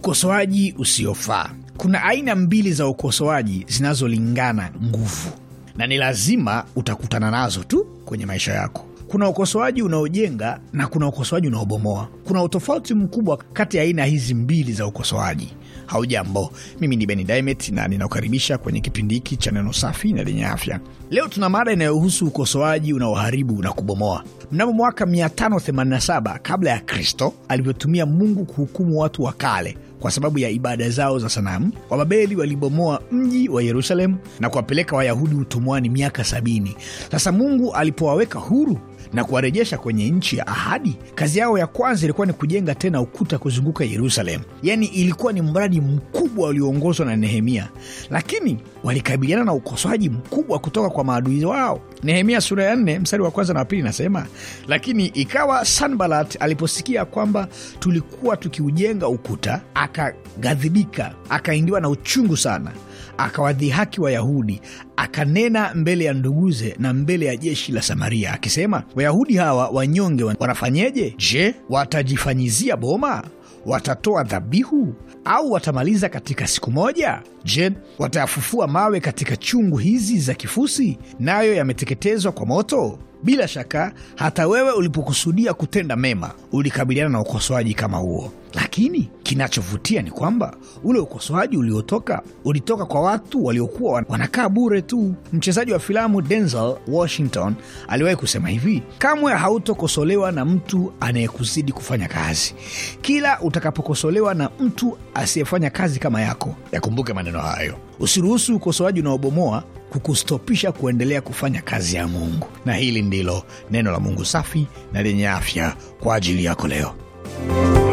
Ukosoaji usiofaa. Kuna aina mbili za ukosoaji zinazolingana nguvu, na ni lazima utakutana nazo tu kwenye maisha yako. Kuna ukosoaji unaojenga na kuna ukosoaji unaobomoa. Kuna utofauti mkubwa kati ya aina hizi mbili za ukosoaji. Haujambo, mimi ni beni dimet na ninakukaribisha kwenye kipindi hiki cha neno safi na lenye afya. Leo tuna mada inayohusu ukosoaji unaoharibu na kubomoa. Mnamo mwaka 587 kabla ya Kristo, alivyotumia Mungu kuhukumu watu wa kale kwa sababu ya ibada zao za sanamu, Wababeli walibomoa mji wa Yerusalemu na kuwapeleka Wayahudi utumwani miaka sabini. Sasa Mungu alipowaweka huru na kuwarejesha kwenye nchi ya ahadi, kazi yao ya kwanza ilikuwa ni kujenga tena ukuta kuzunguka Yerusalemu, yani ilikuwa ni mradi mkubwa ulioongozwa na Nehemia, lakini walikabiliana na ukosoaji mkubwa kutoka kwa maadui wao. Nehemia sura ya nne mstari wa kwanza na wapili inasema lakini ikawa Sanbalat aliposikia kwamba tulikuwa tukiujenga ukuta, akaghadhibika, akaingiwa na uchungu sana akawadhihaki Wayahudi, akanena mbele ya nduguze na mbele ya jeshi la Samaria akisema, Wayahudi hawa wanyonge wanafanyeje? Je, watajifanyizia boma? Watatoa dhabihu? au watamaliza katika siku moja? Je, watayafufua mawe katika chungu hizi za kifusi, nayo yameteketezwa kwa moto? Bila shaka hata wewe ulipokusudia kutenda mema ulikabiliana na ukosoaji kama huo, lakini kinachovutia ni kwamba ule ukosoaji uliotoka ulitoka kwa watu waliokuwa wanakaa bure tu. Mchezaji wa filamu Denzel Washington aliwahi kusema hivi, kamwe hautokosolewa na mtu anayekuzidi kufanya kazi. Kila utakapokosolewa na mtu asiyefanya kazi kama yako, yakumbuke maneno hayo. Usiruhusu ukosoaji unaobomoa kukustopisha kuendelea kufanya kazi ya Mungu. Na hili ndilo neno la Mungu safi na lenye afya kwa ajili yako leo.